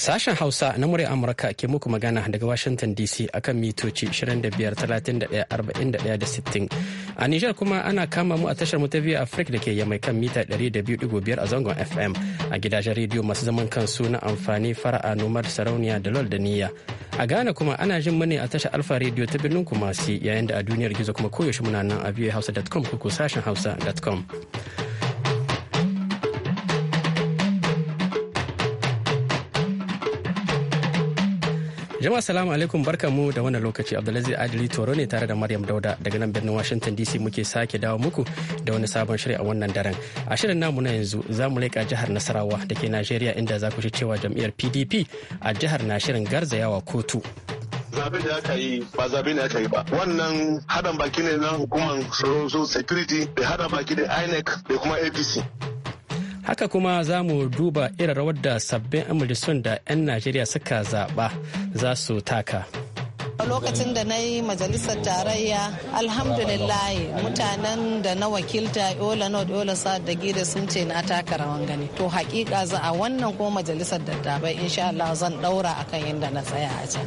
Sashen Hausa na murya Amurka ke muku magana daga Washington DC akan mitoci 25 da sittin A Nijar kuma ana kama mu a tashar mu ta biyu Africa da ke yamai kan mita 200.5 a zangon FM a gidajen rediyo masu zaman kansu na amfani fara'a nomar sarauniya da lol da niyya. A Ghana kuma ana jin mu ne a tashar Alfa rediyo ta birnin Kumasi yayin da a duniyar gizo kuma koyaushe muna nan a hausa.com ko sashen hausa.com. Jama'a assalamu alaikum barkamu da wannan lokaci Abdulaziz Adili Toro ne tare da Maryam Dauda daga nan birnin Washington DC muke sake dawo muku da wani sabon shiri a wannan daren. A shirin namu na yanzu za mu leƙa jihar Nasarawa da ke Najeriya inda za ku shi cewa jam'iyyar PDP a jihar na shirin garzayawa kotu. zaben da aka yi ba zaben da aka yi ba wannan haɗin baki ne na hukumar tsaro security da haɗin baki da inec da kuma apc haka kuma za mu duba irin rawar da sabbin amurisun da 'yan najeriya suka zaɓa za su taka lokacin da na yi majalisar tarayya alhamdulillah mutanen da na wakilta yola nord yola sa'ad da gida sun ce na taka rawan gani to hakika za a wannan ko majalisar dattabai insha Allah zan daura akan inda na tsaya a can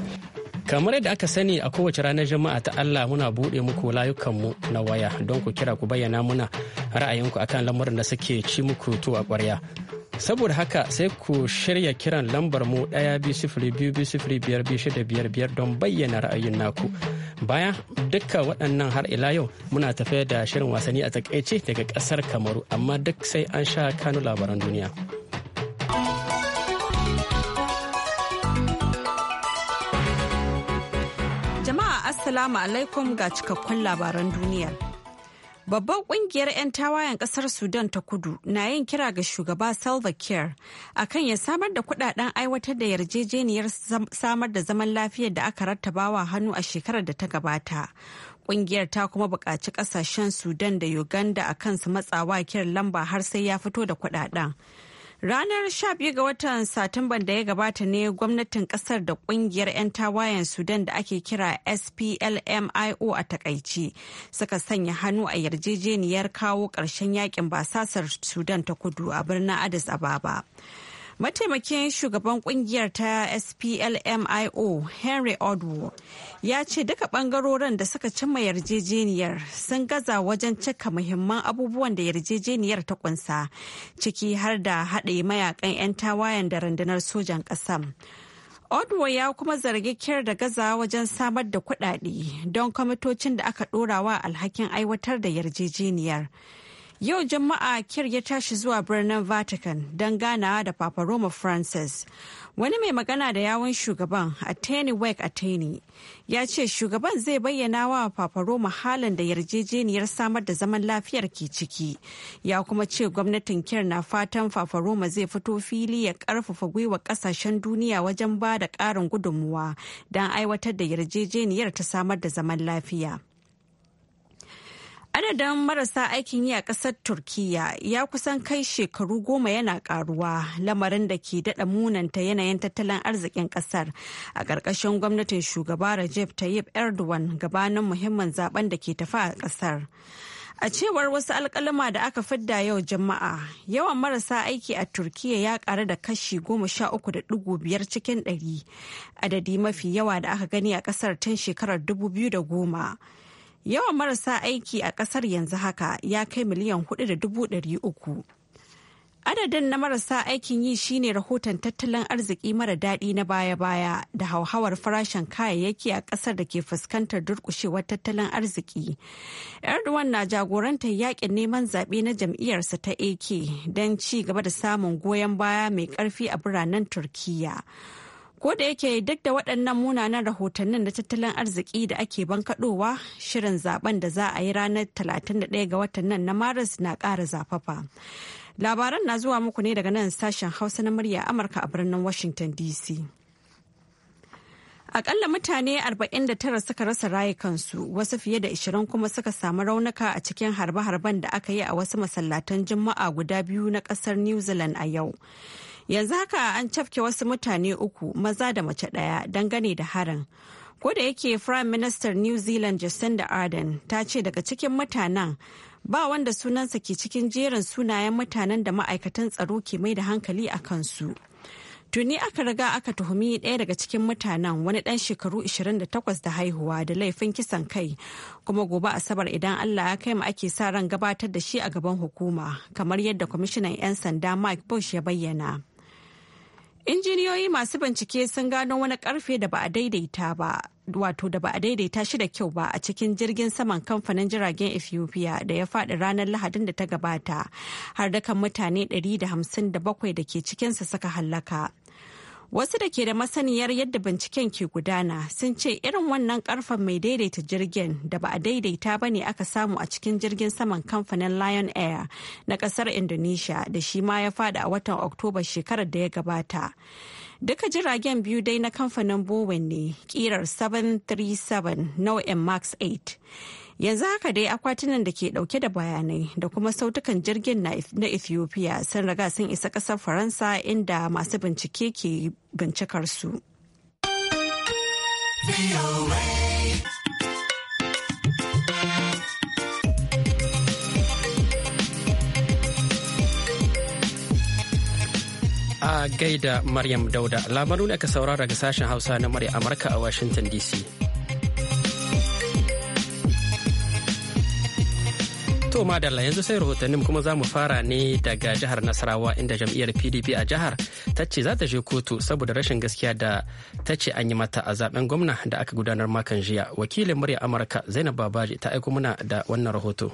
kamar yadda aka sani a kowace ranar jama'a ta Allah muna buɗe muku layukanmu na waya don ku kira ku bayyana muna ra'ayinku akan lamarin da suke ci muku to a ƙwarya saboda haka sai ku shirya kiran lambar mu ɗaya biyu biyu biyu biyar biyu shida biyar biyar don bayyana ra'ayin naku baya duka waɗannan har ila yau muna tafe da shirin wasanni a takaice daga ƙasar kamaru amma duk sai an sha kanu labaran duniya. Assalamu alaikum ga cikakkun labaran duniya. Babban kungiyar 'yan tawayen kasar Sudan ta kudu na yin kira ga shugaba Salva Kiir akan ya samar da kudaden aiwatar da yarjejeniyar samar da zaman lafiyar da aka rattabawa hannu a shekarar da ta gabata. kungiyar ta kuma buƙaci ƙasashen sudan da uganda a kansu matsawa kiran lamba har sai ya fito da kuɗaɗen Ranar 12 ga watan Satumban da ya gabata ne gwamnatin kasar da kungiyar 'yan tawayen Sudan da ake kira SPLMIO a takaici suka sanya hannu a yarjejeniyar kawo ƙarshen yakin basasar Sudan ta kudu a birnin Addis Ababa. Mataimakin shugaban kungiyar ta SPLMIO Henry Odwo ya ce duka bangarorin da suka cimma yarjejeniyar sun gaza wajen cika muhimman abubuwan da yarjejeniyar ta kunsa ciki har da haɗe mayakan 'yan tawayen da rundunar sojan ƙasar. Odwo ya kuma zargi kyar da gaza wajen samar da kuɗaɗe don kwamitocin da aka ɗorawa alhakin aiwatar da yarjejeniyar. Yau jama'a Kir ya tashi zuwa birnin Vatican don ganawa da Papa Roma Francis. Wani mai magana da yawon shugaban Ateni Wek Ateni ya ce shugaban zai bayyana wa Papa Roma halin da yarjejeniyar samar da zaman lafiyar ke ciki. Ya kuma ce gwamnatin Kir na fatan Papa Roma zai fito fili ya karfafa gwiwa kasashen duniya wajen ba da karin gudunmuwa don aiwatar da yarjejeniyar ta samar da zaman lafiya. Adadin marasa aikin yi a ƙasar Turkiyya ya kusan kai shekaru goma yana ƙaruwa lamarin da ke daɗa munanta yanayin tattalin arzikin ƙasar a ƙarƙashin gwamnatin shugaba Recep Tayyip Erdogan gabanin muhimmin zaben da ke tafa a ƙasar. A cewar wasu alkalama da aka fidda yau jama'a, yawan marasa aiki a Turkiyya ya ƙaru da kashi goma sha uku da dugu biyar cikin ɗari, adadi mafi yawa da aka gani a ƙasar tun shekarar dubu biyu da goma. Yawan marasa aiki a kasar yanzu haka ya kai miliyan hudu da dubu ɗari uku. Adadin na marasa aikin yi shine rahoton tattalin arziki mara daɗi na baya-baya da hauhawar farashin kayayyaki a kasar da ke fuskantar durƙushewar tattalin arziki. Erdogan na jagorantar yakin neman zaɓe na jam'iyyarsa ta AK don ci gaba da samun goyon baya mai ƙarfi a biranen Turkiyya. Ko da yake duk da waɗannan munanan rahotannin na tattalin arziki da ake bankaɗowa shirin zaben da za a yi ranar 31 ga watan nan na Maris na ƙara zafafa. Labaran na zuwa muku ne daga nan sashen Hausa na murya Amurka a birnin Washington DC. Akalla mutane 49 suka rasa rayukansu wasu fiye da 20 kuma suka samu raunuka a cikin harbe-harben da aka yi a wasu masallatan juma'a guda biyu na ƙasar New Zealand a yau. yanzu haka an cafke wasu mutane uku maza da mace ɗaya dangane da harin ko da yake prime minister new zealand jacinda arden ta ce daga cikin mutanen ba wanda sunansa ke cikin jerin sunayen mutanen da ma'aikatan tsaro ke mai da hankali a kansu tuni aka riga aka tuhumi ɗaya daga cikin mutanen wani ɗan shekaru 28 da haihuwa da laifin kisan kai kuma gobe asabar idan allah ya kai mu ake sa ran gabatar da shi a gaban hukuma kamar yadda kwamishinan 'yan sanda mike bush ya bayyana injiniyoyi masu bincike sun gano wani karfe da ba a daidaita ba wato da ba a daidaita shi da kyau ba a cikin jirgin saman kamfanin jiragen ethiopia da ya faɗi ranar lahadin da ta gabata har da kan mutane 157 da ke cikinsa suka hallaka Wasu da ke da masaniyar yadda binciken ke gudana sun ce irin wannan karfen mai daidaita jirgin da ba a daidaita ba ne aka samu a cikin jirgin saman kamfanin Lion Air na kasar Indonesia da shi ma ya fada a watan Oktoba shekarar da ya gabata. Duka jiragen biyu dai na kamfanin Bowen ne kirar 737 nau'in Max 8. yanzu haka dai akwatunan da ke dauke da bayanai da kuma sautukan jirgin na ethiopia sun riga sun isa kasar faransa inda masu bincike ke bincikar su a gaida maryam dauda labaru ne ka saurara daga sashen hausa na murya amurka a washington dc To madalla yanzu sai rahotannin kuma za mu fara ne daga jihar Nasarawa inda jam'iyyar PDP a jihar ta ce za ta je kotu saboda rashin gaskiya da ta ce an yi mata a zaben gwamna da aka gudanar makon jiya. Wakilin murya Amurka Zainab Babaji ta aiko muna da wannan rahoto.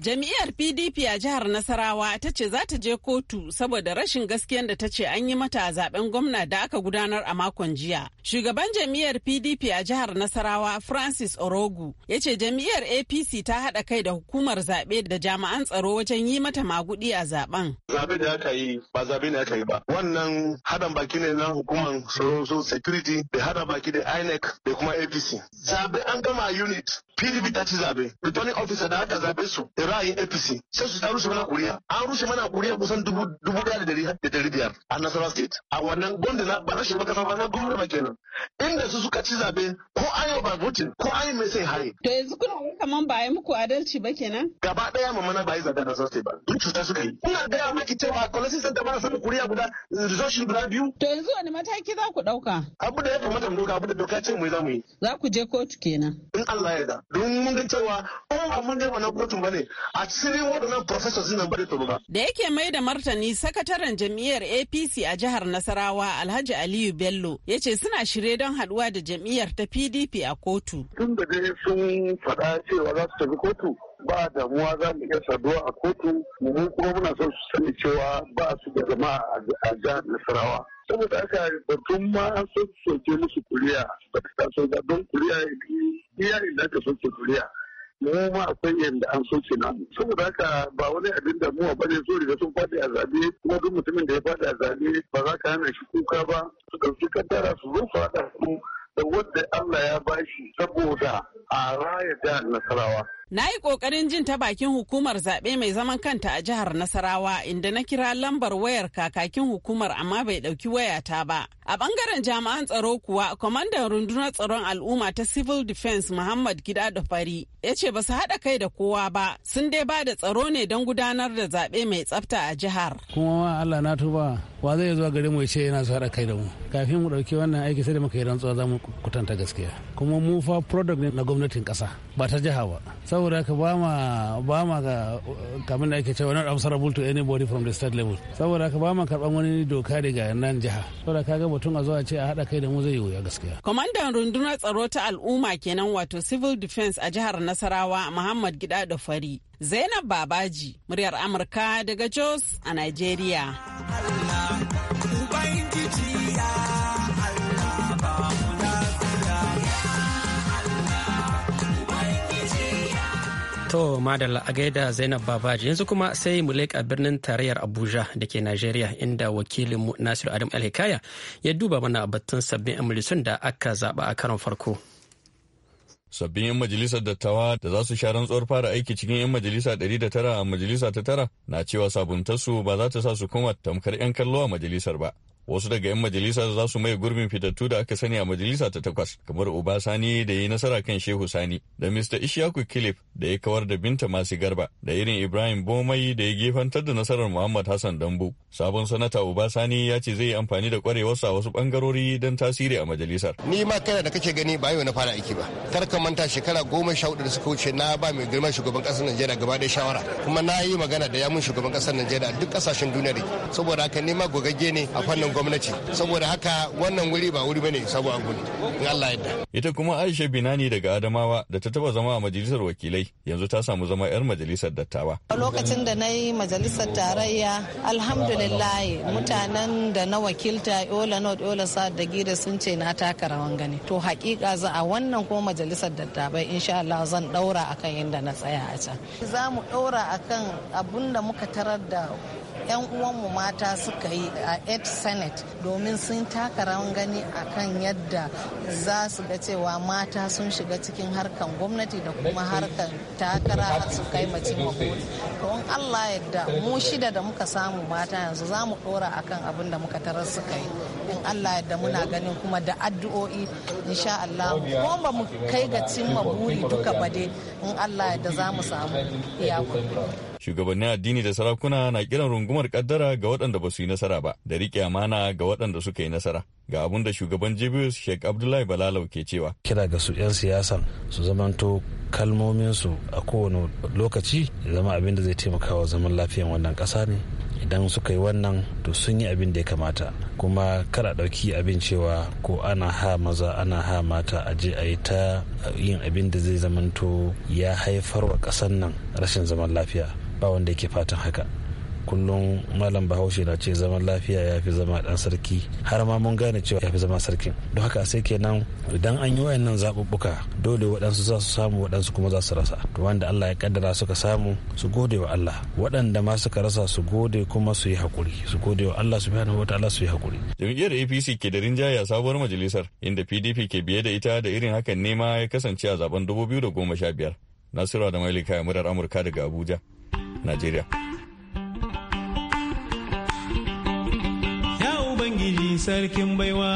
Jami'ar PDP a jihar Nasarawa ta ce za ta je kotu saboda rashin gaskiyar da ta ce an yi mata a zaben gwamna da aka gudanar a makon jiya. Shugaban jami'ar PDP a jihar Nasarawa Francis Orogu ya ce jami'ar APC ta haɗa kai da hukumar zaɓe da jami'an tsaro wajen yi mata magudi a zaben. Zaɓe da aka yi ba zaɓe ne aka yi ba. Wannan haɗin baki ne na hukumar tsaro security da haɗa baki da INEC da kuma APC. Zaɓe an gama unit PDP ta ci zaɓe. Returning officer da aka zaɓe su. ra'ayin APC sai su ta rushe mana kuriya an rushe mana kuriya kusan dubu dubu da dari da dari biyar a Nasarawa state a wannan gwamnati na ba na shugaban kasa ba na gwamnati kenan inda su suka ci zabe ko an yi ba voting ko an yi mai sai haye. To yanzu kuna kaman ba yi muku adalci ba kenan? Gaba daya mama na ba yi zabe a Nasarawa state ba duk cuta suka yi. Ina gaya maki cewa Colossus Center ba na samun kuriya guda resolution guda biyu. To yanzu wani mataki za ku ɗauka? Abu da ya kamata mu doka abu da doka ce mu za mu yi. Za ku je kotu kenan. In Allah ya yarda. Don mun ga cewa ko ba mun ga wannan kotun ba ne a cikin waɗannan profesor zina bari ba. Da yake mai da martani sakataren jam'iyyar APC a jihar Nasarawa Alhaji Aliyu Bello ya ce suna shirye don haɗuwa da jam'iyyar ta PDP a kotu. Tun da dai sun faɗa cewa za su tafi kotu ba damuwa za mu iya saduwa a kotu mu kuma muna son su sani cewa ba su da jama'a a jihar Nasarawa. saboda yi batun ma an soke musu kuriya ba ta so ba don kuriya iya inda ka soke kuriya mu ma akwai yadda an soke na. saboda haka ba wani abin mu ba ne so riga sun faɗi a zabe kuma duk mutumin da ya faɗi a zabe ba za ka hana shi kuka ba su ɗauki kaddara su zo su su da wanda Allah ya bashi saboda a raya da nasarawa Na yi ƙoƙarin jin ta bakin hukumar zaɓe mai zaman kanta a jihar Nasarawa inda na kira lambar wayar kakakin hukumar amma bai ɗauki wayata ba. A bangaren jami'an tsaro kuwa, kwamandan rundunar tsaron al'umma ta Civil Defense Muhammad Gida da Fari ya ce ba su haɗa kai da kowa ba, sun dai ba da tsaro ne don gudanar da zabe mai tsafta a jihar. Kuma ma Allah na tuba wa zai zuwa gari mu ce yana su haɗa kai da mu. Kafin mu ɗauki wannan aiki sai da muka yi rantsuwa za mu kutanta gaskiya. Kuma mu fa product na gwamnatin kasa ba ta jiha ba. saboda ka ba ma ba ma ka kamin da ake cewa not answerable to anybody from the state level saboda ka ba ma karban wani doka daga nan jiha saboda kaga mutum a zuwa ce a hada kai da mu zai yi wuya gaskiya kwamandan rundunar tsaro ta al'umma kenan wato civil defense a jihar nasarawa muhammad gida da fari zainab babaji muryar amurka daga jos a nigeria To Madalla a gaida Zainab Babaji yanzu kuma sai mu leƙa birnin tarayyar Abuja da ke Najeriya inda wakilinmu Nasiru Adam Alhikaya ya duba mana batun sabbin 'yan da aka zaba a karon farko. sabbin 'yan majalisar dattawa da za su sha rantsuwar fara aiki cikin 'yan majalisa 109 a majalisa ta tara na cewa sabuntarsu ba za ta sa su kuma tamkar 'yan kallo a majalisar ba wasu daga 'yan majalisa za su mai gurbin fitattu da aka sani a majalisa ta takwas kamar uba sani da ya yi nasara kan shehu sani da mr ishaku kilif da ya kawar da binta masu garba da irin ibrahim bomai da ya gefantar da nasarar muhammad hassan dambu sabon sanata uba sani ya ce zai yi amfani da kwarewarsa a wasu bangarori don tasiri a majalisar ni ma kana da kake gani ba yau na fara aiki ba kar ka manta shekara goma sha hudu da suka wuce na ba mai girman shugaban kasar najeriya gaba da shawara kuma na yi magana da yamun shugaban kasar najeriya duk kasashen duniya da saboda haka ni ma gogagge ne a fannin gwamnati saboda haka wannan wuri ba wuri bane sabo an gudu in Allah yadda ita kuma Aisha Binani daga Adamawa da ta taba zama a majalisar wakilai yanzu ta samu zama yar majalisar dattawa a lokacin da na yi majalisar tarayya alhamdulillah mutanen da na wakilta Yola North Yola South da Gida sun ce na taka rawan gani to hakika za a wannan ko majalisar dattabai insha Allah zan daura akan inda na tsaya a can za mu daura akan abun da muka tarar da 'yan uwanmu mata suka yi a ed senate domin sun taka rawan gani akan yadda za su ga cewa mata sun shiga cikin harkan gwamnati da kuma harkan takara har su kai mace to in allah yadda mu shida da muka samu mata yanzu za mu dora akan abin da muka tarar suka yi in allah yadda muna ganin kuma da addu'o'i insha allah ko ba mu kai ga cimma buri duka ba dai in allah yadda za mu samu iyakun Shugabannin addini da sarakuna na kiran rungumar kaddara ga waɗanda ba su yi nasara ba da riƙe amana ga waɗanda suka yi nasara. Ga abun da shugaban Jibius sheik Abdullahi Balalau ke cewa. Kira ga su 'yan siyasan su zamanto kalmomin su a kowane lokaci zama abin da zai taimaka wa zaman lafiyan wannan ƙasa ne. idan suka yi wannan to sun yi abin da ya kamata kuma kada ɗauki abin cewa ko ana ha maza ana ha mata a je a yi ta yin abin da zai zamanto ya haifar wa ƙasar nan rashin zaman lafiya ba wanda yake fatan haka kullum malam bahaushe na ce zaman lafiya ya fi zama dan sarki har ma mun gane cewa ya fi zama sarkin don haka sai kenan idan an yi wayannan zaɓuɓɓuka dole waɗansu za su samu waɗansu kuma za su rasa to wanda Allah ya kaddara suka samu su gode wa Allah waɗanda ma suka rasa su gode kuma su yi hakuri su gode wa Allah subhanahu allah su yi hakuri. jam'iyyar APC ke da rinjaya sabuwar majalisar inda PDP ke biye da ita da irin hakan nema ya kasance a zaben 2015 Nasiru da Malika murar Amurka daga Abuja najeriya ya ubangiji sarkin baiwa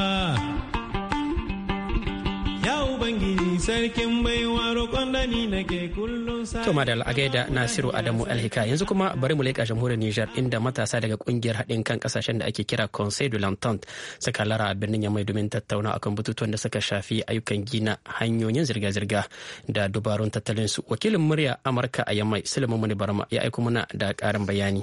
ya ubangiji Sarkin baiwa roƙon da ni nake kullum sa. To da Nasiru Adamu Alhika yanzu kuma bari mu leƙa jamhuriyar Nijar inda matasa daga kungiyar haɗin kan kasashen da ake kira Conseil de l'Entente suka lara a birnin Yamai domin tattauna akan batutuwan da suka shafi ayyukan gina hanyoyin zirga-zirga da dubarun tattalin su. Wakilin murya Amurka a Yamai Sulaiman Muni Barma ya aiko mana da ƙarin bayani.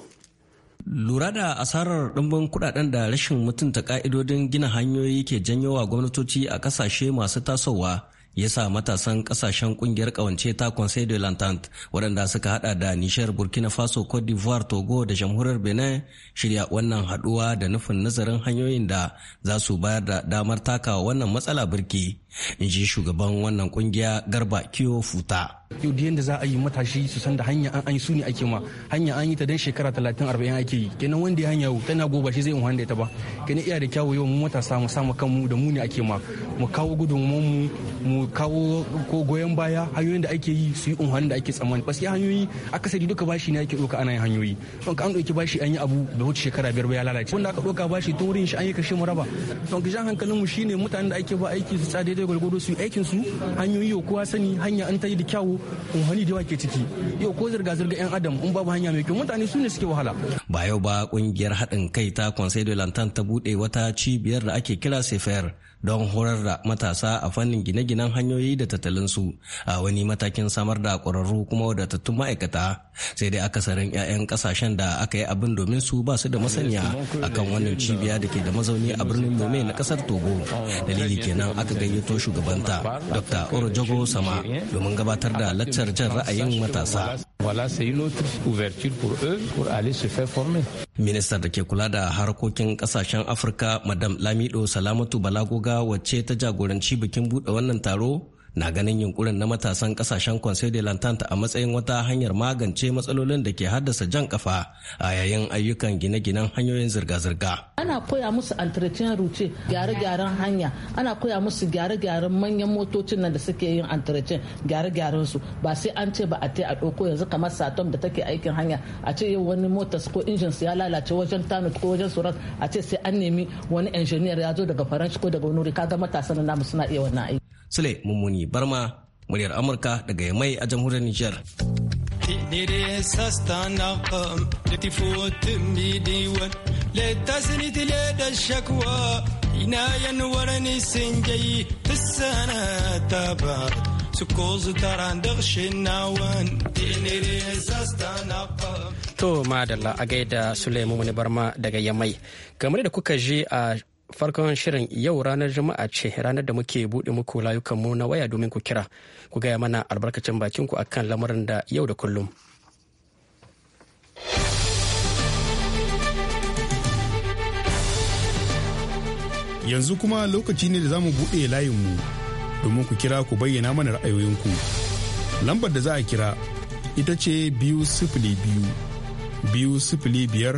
lura da asarar ɗimbin kuɗaɗen da rashin mutunta ka'idodin gina hanyoyi ke janyowa gwamnatoci a ƙasashe masu tasowa ya sa matasan kasashen kungiyar kawance ta conseil de l'entente waɗanda suka hada da nishar burkina faso cote d'ivoire togo da jamhuriyar benin shirya wannan haduwa da nufin nazarin hanyoyin da za su bayar da damar takawa wannan matsala birki in ji shugaban wannan kungiya garba kiyo futa yau da yadda za a yi matashi su san da hanya an yi su ne ake ma hanya an yi ta dan shekara talatin arba'in ake yi kenan wanda ya hanya yau tana goba shi zai in wanda ta ba kenan iya da kyawu yau mu matasa mu samu kanmu da mu ne ake ma mu kawo gudunmuwan mu mu kawo ko goyon baya hanyoyin da ake yi su yi in da ake tsammani basu hanyoyi akasari duka bashi ne ake ɗauka ana yin hanyoyi don ka an ɗauki bashi an yi abu da wuce shekara biyar ba ya lalace wanda aka ɗauka bashi tun wurin shi an yi kashe mu raba don ka jan hankalinmu shine mutanen da ake ba aiki su tsada daidai gwalgwado su yi aikin su hanyoyi kowa sani hanya an ta yi da kyawu unhani da yawa ke ciki yau ko zirga-zirga 'yan adam in babu hanya mai kyau mutane su ne suke wahala ba yau ba kungiyar haɗin kai ta conseil de lantan ta buɗe wata cibiyar da ake kira sefer don horar da matasa a fannin gine-ginen hanyoyi da tattalinsu a wani matakin samar da ƙwararru kuma wadatattun ma'aikata sai dai akasarin 'ya'yan ƙasashen da aka yi abin domin su ba su da masaniya akan wannan cibiya da ke da mazauni a birnin Lome na ƙasar Togo. Dalili kenan aka gayyato shugabanta Dr. Orojogo Sama domin gabatar da laccar jan ra'ayin matasa. c'est une autre ouverture pour eux pour aller se faire former. Minista da ke kula da harkokin kasashen Afirka Madam Lamido Salamatu Balagoga wacce ta jagoranci bikin buɗe wannan taro na ganin yunkurin na matasan kasashen conseil de l'entente a matsayin wata hanyar magance matsalolin da ke haddasa jan kafa a yayin ayyukan gine-ginen hanyoyin zirga-zirga ana koya musu entretien routier gyare-gyaren hanya ana koya musu gyare-gyaren manyan motocin nan da suke yin entretien gyare-gyaren su ba sai an ce ba a te a ɗauko yanzu kamar satom da take aikin hanya a ce yau wani motas ko injin su ya lalace wajen tanut ko wajen surat a ce sai an nemi wani injiniyar ya zo daga faransa ko daga wani kaga matasan namu suna iya wannan aiki Sule Mummuni Barma, muryar Amurka daga Yamai a jamhuriyar Nijar. yan warani sinjay tisana tabar sukoz tarandar shinawan tinire sastana To madalla a gaida Sulaimu Barma daga Yamai. gamar da kuka ji a farkon shirin yau ranar juma'a ce ranar da muke buɗe muku layukanmu na waya domin ku kira ku gaya mana albarkacin bakin ku akan lamarin da yau da kullum yanzu kuma lokaci ne da zamu mu buɗe layinmu domin ku kira ku bayyana mana ra'ayoyinku lambar da za a kira ita ce biyu sifili biyu biyu sifili biyar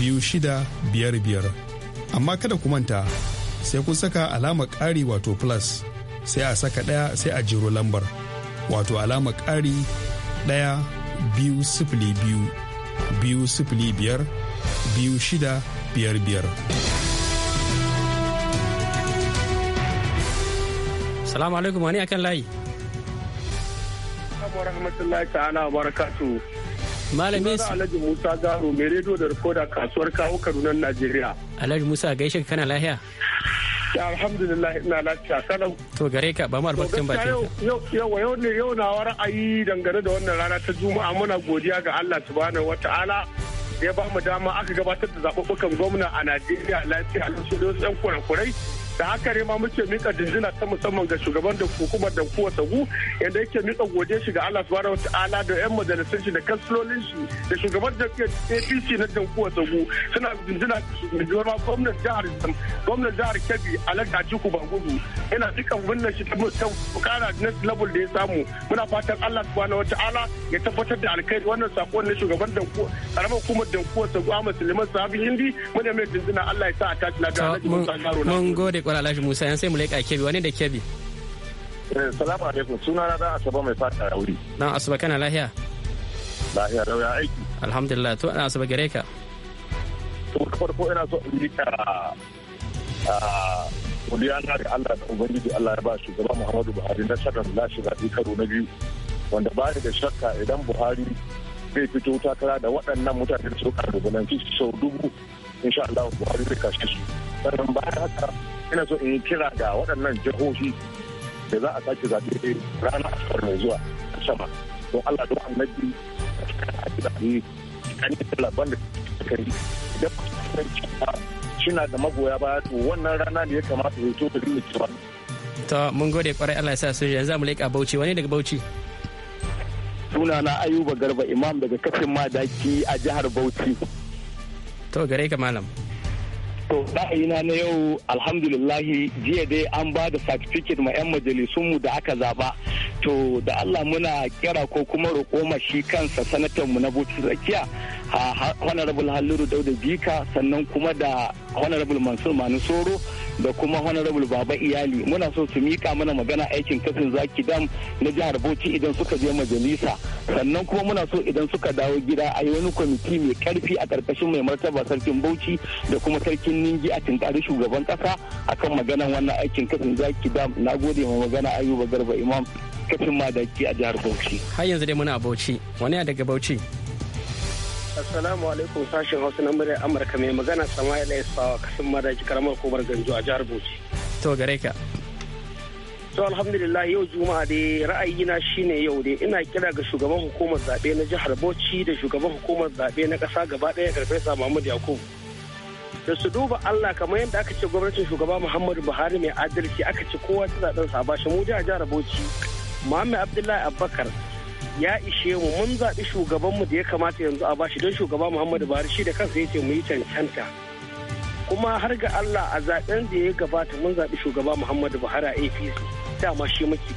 biyu shida biyar biyar amma kada ku manta sai kun saka alama ƙari wato plus sai a saka ɗaya sai a jiro lambar wato alama ƙari ɗaya biyu sifili biyu biyu sifili biyar biyu shida biyar biyar. Salamu alaikum wani akan layi. Malami Alhaji Musa Garo mai rediyo da rikoda kasuwar kawo Kaduna Najeriya. Alhaji Musa gaishe ka kana lahiya? Alhamdulillah ina lafiya salam. To gare ka ba mu albarkacin ba Yau yau ne yau na ra'ayi dangane da wannan rana ta Juma'a muna godiya ga Allah subhanahu wata'ala ya ba mu dama aka gabatar da zaɓuɓɓukan gwamna a Najeriya lafiya a lokacin da wasu 'yan kurakurai da haka rima muke mika jinjina ta musamman ga shugaban da hukumar da kuwa sagu yadda yake mika gode shi ga Allah subhanahu wataala da yan majalisun shi da kansilolin shi da shugaban ke APC na da kuwa sagu suna jinjina da girma gwamnan jihar gwamnan jihar Kebbi Alhaji Atiku Bagudu ina duka wannan shi ta kara next level da ya samu muna fatan Allah subhanahu wataala ya tabbatar da alkhairi wannan sakon na shugaban da kuwa karamar hukumar da kuwa sagu Ahmad Suleiman Sabi Hindi muna mai jinjina Allah ya sa a tashi lafiya. Mun gode kwara alhaji musa yan sai mu leƙa kebi wani da kebi eh, salamu alaikum suna na dan saba mai fata wuri Na asuba kana lahiya lahiya lauya aiki alhamdulillah to ana asuba gare ka to farko ina so in rika godiya na da Allah da Ubangiji Allah ya ba gaba Muhammadu Buhari na shagar lashe zaɓe karo na biyu wanda ba da shakka idan Buhari zai fito takara da waɗannan mutane da suka sau dubu insha Allah Buhari zai kashe su. sannan bayan haka ina so in yi kira ga waɗannan jihohi da za a sake zaɓe rana asabar mai zuwa a sama to allah don annabi a ci zaɓe an yi talaban da suka yi idan kusan cewa shina da magoya baya to wannan rana ne ya kamata ya to da rinna cewa. to mun gode kwarai allah ya sa su yanzu mu leƙa bauchi wani daga bauchi. suna na ayuba garba imam daga kafin madaki a jihar bauchi. to gare ka malam. To ra'ayina na yau alhamdulillahi jiya dai an ba da certificate ma 'yan majalisunmu da aka zaba. To da Allah muna kira ko kuma roƙo ma shi kansa mu na Bauchi tsakiya a Honorable Halliru Dauda Jika sannan kuma da Honorable Mansur Manu Soro da kuma honorable baba iyali muna so su mika mana magana aikin kafin zaki dam na jihar bauchi idan suka je majalisa sannan kuma muna so idan suka dawo gida a yi wani kwamiti mai karfi a karkashin mai martaba sarkin bauchi da kuma sarkin ningi a tinkari shugaban kasa akan maganan wannan aikin kafin zaki dam na gode magana ayuba garba imam kafin madaki a jihar bauchi har yanzu dai muna bauchi wani daga bauchi Assalamu alaikum sashen Hausa na muryar Amurka mai magana Sama'ila kasan kasin madaji karamar kobar Ganjo a jihar Bauchi. To gare ka. To alhamdulillah yau Juma'a dai ra'ayi na shine yau dai ina kira ga shugaban hukumar zabe na jihar Bauchi da shugaban hukumar zabe na ƙasa gaba ɗaya Farfesa Muhammad Yakubu. Da su duba Allah kamar yadda aka ce gwamnatin shugaba Muhammadu Buhari mai adalci aka ci kowa ta zaɓen sa ba shi mu jihar Bauchi. Muhammad Abdullahi Abubakar ya ishe mu mun zaɓi shugabanmu da ya kamata yanzu a bashi don shugaba muhammadu buhari shi da kansa ya mu yi cancanta kuma har ga allah a zaɓen da ya gabata mun zaɓi shugaba muhammadu buhari a apc dama shi muke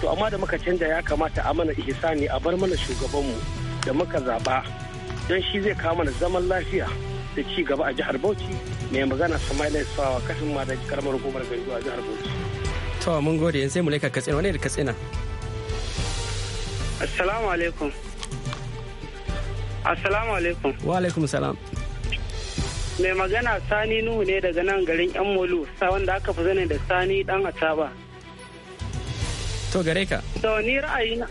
to amma da muka canja ya kamata a mana ihsani a bar mana shugabanmu da muka zaɓa don shi zai kawo mana zaman lafiya da ci gaba a jihar bauchi mai magana sama'ila sawa kashin ma da karamar gobar gari a jihar bauchi to mun gode yanzu mu laika katsina wani da katsina Assalamu alaikum. Assalamu alaikum. Wa alaikum salam. Mai magana Sani Nuhu ne daga nan garin Yan Molu, sawan da aka fi zane da Sani dan Ataba. To gare ka. To ni ra'ayina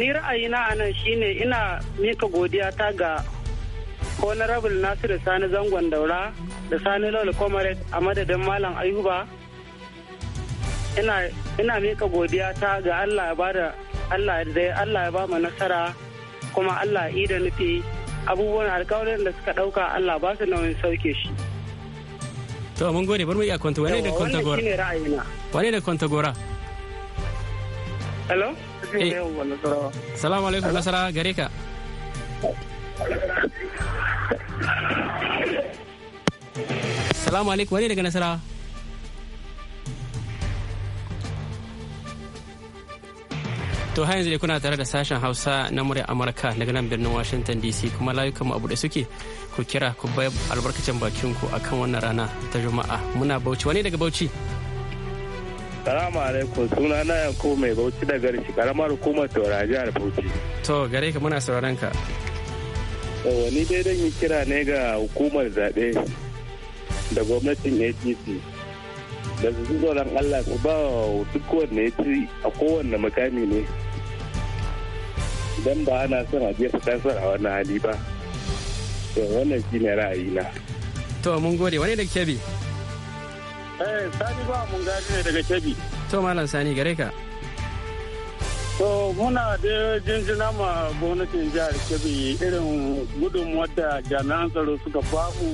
ni ra'ayina a nan shine ina mika godiya ta ga Honorable Nasiru Sani Zangon Daura da Sani lola Comrade a madadin Malam Ayuba. Ina ina mika godiya ta ga Allah ya bada Allah Allah ya ba mu nasara kuma Allah ya ida nufi abubuwan alkawarin da suka dauka Allah ba su nauyin sauke shi to mun gode bari mu iya kwanta wani da kwanta gora Wani da kwanta gora hello eh. salamu alaikum nasara gare ka salamu alaikum wani daga nasara To ha yanzu kuna tare da sashen Hausa na murya Amurka daga nan birnin Washington DC kuma layukan mu abu da suke ku kira ku bai albarkacin bakin ku akan wannan rana ta Juma'a. Muna Bauchi wani daga Bauchi. Salamu alaikum suna na yanko mai Bauchi daga rishi karamar hukumar Taurari jihar Bauchi. To gare ka muna sauraron ka. Yawa ni dai dan yi kira ne ga hukumar zaɓe da gwamnatin APC. da su zuwa Allah su ba duk wanda ya ci a kowanne makami ne don ba ana son a jefa kansar a wani hali ba to wannan shi ne ra'ayina to mun gode wani da kebi eh sani ba mun gani ne daga kebi to malam sani gare ka to muna da jinjina ma gwamnatin jihar kebi irin gudun da jami'an tsaro suka bamu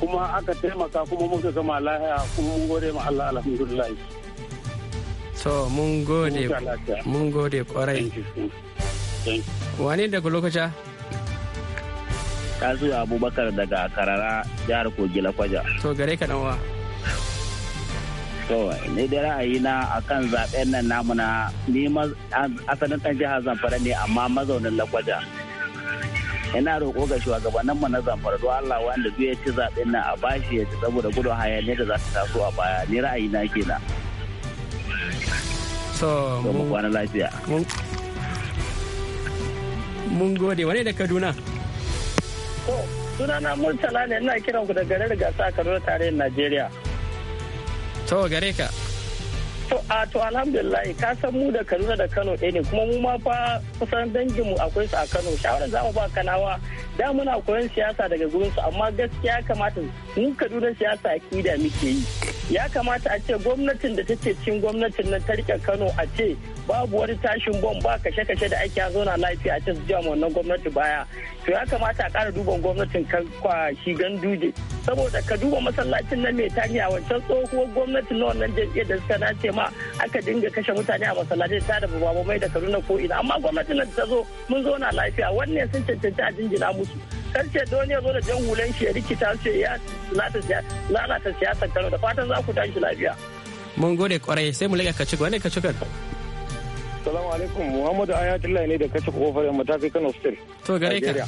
kuma aka taimaka kuma muka gama lahiya kuma mun gode ma allah alhamdulillah to mun gode mun gode kwarai Wane daga lokaca? zuwa Abubakar daga Karara jihar Kogi Lakwaja. To gare ka nawa. To ni da ra'ayi na akan zaben nan namu na ni asalin ɗan jihar Zamfara ne amma mazaunin Lakwaja. ina roƙo ga shugabannin mu na zamfara don Allah wanda zai ci zaɓen nan a bashi ya ci saboda gudun ne da za su taso a baya ni ra'ayi na kenan. So, mun kwana lafiya. mun gode wane da kaduna sunana murtala ne ina kiran ku da garin gasa kaduna tarayyar najeriya to gare ka to a to alhamdulillah ka san mu da kaduna da kano ɗaya ne kuma mu ma fa kusan dangin mu akwai su a kano shawarar za mu ba kanawa da muna koyon siyasa daga gurin su amma gaskiya kamata mu kaduna siyasa akida muke yi ya kamata a ce gwamnatin da take cin gwamnatin nan ta rike kano a ce babu wani tashin bom ba kashe-kashe da aiki ake na lafiya a cikin jam wannan gwamnati baya to ya kamata a kara duban gwamnatin kwa shi ganduje saboda ka duba masallacin nan mai tani a wancan tsohuwar gwamnatin na wannan jam'iyyar da suka nace ma aka dinga kashe mutane a masallacin ta da babu mai da kaduna ko ina amma gwamnatin nan ta zo mun zauna lafiya wannan sun cancanci a jinjina musu karshe don ya zo da jan hulan shi ya rikita su ya lalata siyasar kano da fatan za ku tashi lafiya. mun gode kwarai sai mu lega ci gwane Assalamu alaikum Muhammadu Ayatullahi ne da kashe kofar yamma ta Kano State. To gare ka.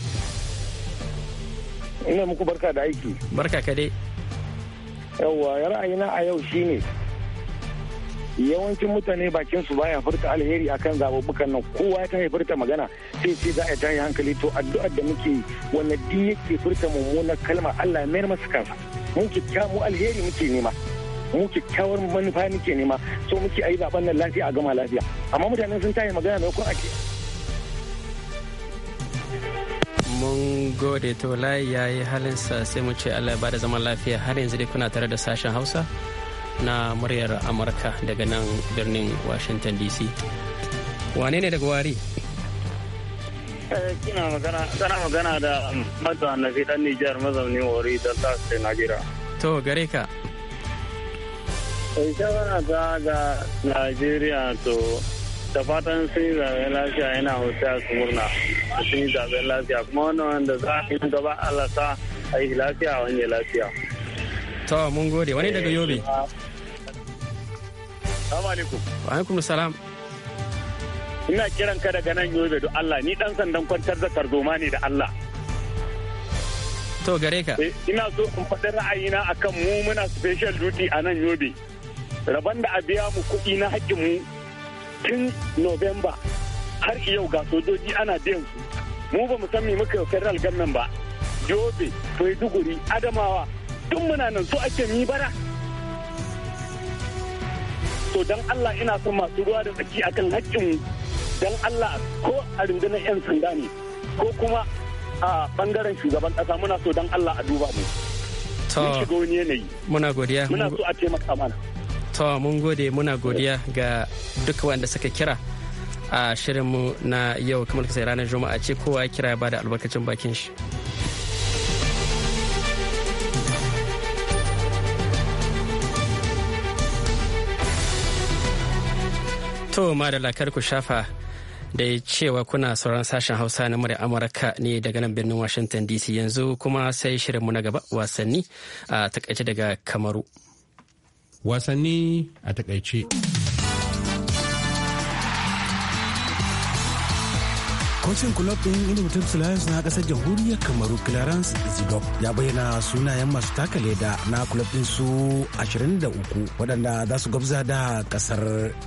Ina muku barka da aiki. Barka ka dai. Yawwa ra'ayina a yau shine yawancin mutane bakin su baya furta alheri akan zaɓuɓɓukan nan kowa ya kai furta magana sai sai za a tashi hankali to addu'ar da muke yi din yake furta mummunar kalma Allah ya mayar masa kansa mun kyakkyamu alheri muke nema. mu kyakkyawar manufa muke nema so muke ayi zaben nan lafiya a gama lafiya amma mutanen sun tayi magana mai kun ake mun gode to layi ya yi halinsa sai mu ce allah ba da zaman lafiya har yanzu dai kuna tare da sashen hausa na muryar amurka daga nan birnin washington dc wane ne daga wari eh, kina magana kana magana da madu annabi dan Nijar mazaunin wari Delta State Najeriya. To gare ka. in shawara ta ga najeriya to da fatan sun yi zaben lafiya yana hota su murna sun yi zaben lafiya kuma wannan wanda za a yi gaba allah sa a yi lafiya a wani lafiya to mun gode wani daga yobe eh, salamu alaikum wa alaikum salam ina kiran ka daga nan yobe da allah ni dan sandan kwantar da tarzoma ne da allah to gare ka eh, ina so in faɗi ra'ayina akan mu muna special duty a nan yobe Raban da a biya mu kuɗi na mu tun Novemba har yau ga sojoji ana biyan su. Mu ba mu san me muka federal government ba. Jobe, Faiduguri, Adamawa, tun muna nan so ake mi bara. To dan Allah ina son masu ruwa da tsaki akan mu dan Allah ko a rundunar 'yan sanda ne ko kuma a bangaren shugaban kasa muna so dan Allah a duba mu. Muna godiya. Muna so a taimaka mana. to mun gode muna godiya ga duk wanda suka kira a shirinmu na yau kamar kasai ranar juma'a ce kowa ya kira ya bada albarkacin bakin shi to da lakar ku shafa da cewa kuna sauran sashen hausa na murya amurka ne daga nan birnin washington dc yanzu kuma sai shirinmu na gaba wasanni a takaice daga kamaru wasanni a takaice. kocin kulob ɗin Indomitable Lions na ƙasar jamhuriyar Kamaru Clarence Zidop ya bayyana sunayen masu taka leda na kulob ɗin su 23 waɗanda za su gabza da ƙasar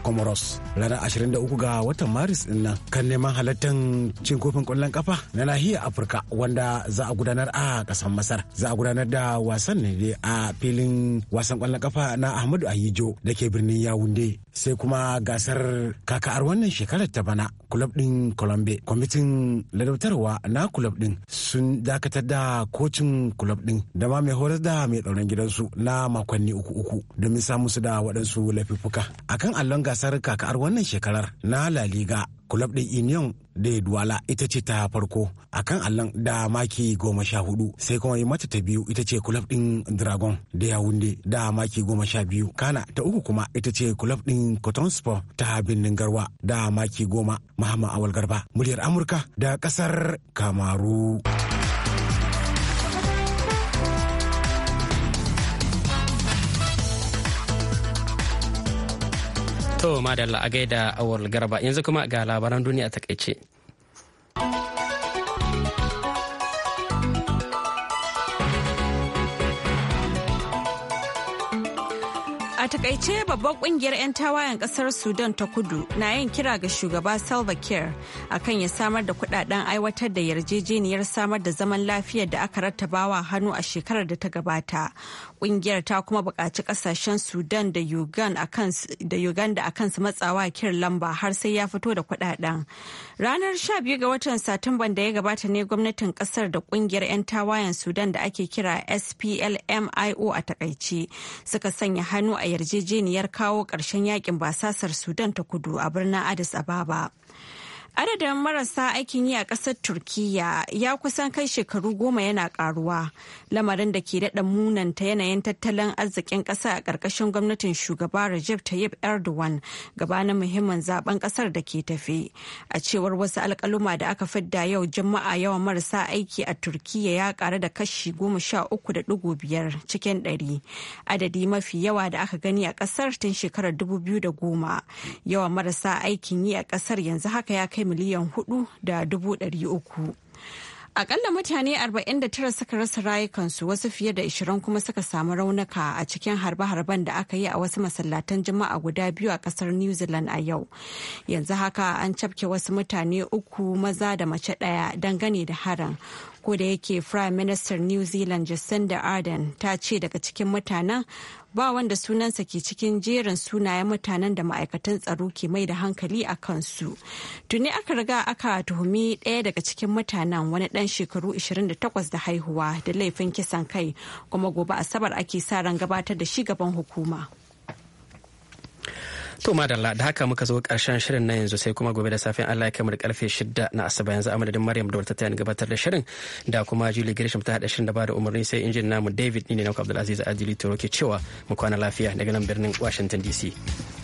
Comoros. Ranar 23 ga watan Maris ɗin nan kan neman halartar cin kofin ƙwallon ƙafa na nahiyar Afirka wanda za a gudanar a ƙasar Masar. Za a gudanar da wasan ne a filin wasan ƙwallon ƙafa na Ahmadu Ayijo da ke birnin Yawunde. Sai kuma gasar kaka'ar wannan shekarar ta bana kulob ɗin Colombe. kwamitin ladautarwa na kulob din sun dakatar da kocin kulob din da ma mai horar da mai tsaron gidansu na makonni uku uku domin samun su da waɗansu a akan allon gasar kakar wannan shekarar na laliga. Kulob din union da duwala ita ce ta farko akan allon da maki goma sha hudu sai kuma mata ta biyu ita ce kulob din dragon da ya wunde da maki goma sha biyu kana ta uku kuma ita ce kulob din cotton sport ta birnin garwa da maki goma muhammad awal garba muryar amurka da kasar kamaru. To madalla a gaida awal garba yanzu kuma ga labaran duniya a takaice. takaice babban kungiyar 'yan tawayen kasar Sudan ta kudu na yin kira ga shugaba Salva Kiir akan ya samar da kudaden aiwatar da yarjejeniyar samar da zaman lafiyar da aka rattabawa hannu a shekarar da ta gabata. Kungiyar ta kuma bukaci kasashen Sudan da Uganda a kansu matsawa Kiir lamba har sai ya fito da kudaden. Ranar 12 ga watan Satumban da ya gabata ne gwamnatin kasar da kungiyar 'yan tawayen Sudan da ake kira SPLMIO a takaice suka sanya hannu a yarjejeniyar kawo ƙarshen yakin basasar Sudan ta kudu a birnin Addis Ababa. Adadin marasa aikin yi a ƙasar Turkiyya ya kusan kai shekaru goma yana ƙaruwa, lamarin da ke daɗa munanta yanayin tattalin arzikin ƙasa a ƙarƙashin gwamnatin shugaba Recep Tayyip Erdogan gabanin muhimmin zaben ƙasar da ke tafe. A cewar wasu alƙaluma da aka fidda yau Juma'a yawan marasa aiki a Turkiyya ya ƙaru da kashi goma sha uku da ɗigo biyar cikin ɗari, adadi mafi yawa da aka gani a ƙasar tun shekarar dubu biyu da goma. Yawan marasa aikin yi a ƙasar yanzu haka ya kai kai miliyan hudu da dubu uku. Akalla mutane 49 suka rasa rayukansu wasu fiye da 20 kuma suka samu raunuka a cikin harbe-harben da aka yi a wasu masallatan juma'a guda biyu a kasar New Zealand a yau. Yanzu haka an cafke wasu mutane uku maza da mace ɗaya dangane da harin. Ko da yake Prime Minister New Zealand Jacinda Ardern ta ce daga cikin mutanen ba wanda sunansa ke cikin jerin sunayen mutanen da ma'aikatan tsaro ke mai da hankali a kansu tuni aka riga aka tuhumi ɗaya daga cikin mutanen wani ɗan shekaru 28 da haihuwa da laifin kisan kai kuma gobe asabar ake sa ran gabatar da shi gaban hukuma To madalla da haka muka zo karshen shirin na yanzu sai kuma gobe da safin Allah ya kamar karfe shida na asuba yanzu amadadin Maryam da ta tayan gabatar da shirin da kuma Julie Grisham ta hada shirin da bada umarni sai injin namu David ne na Abdulaziz Adili Toro ke cewa mu kwana lafiya daga nan birnin Washington DC.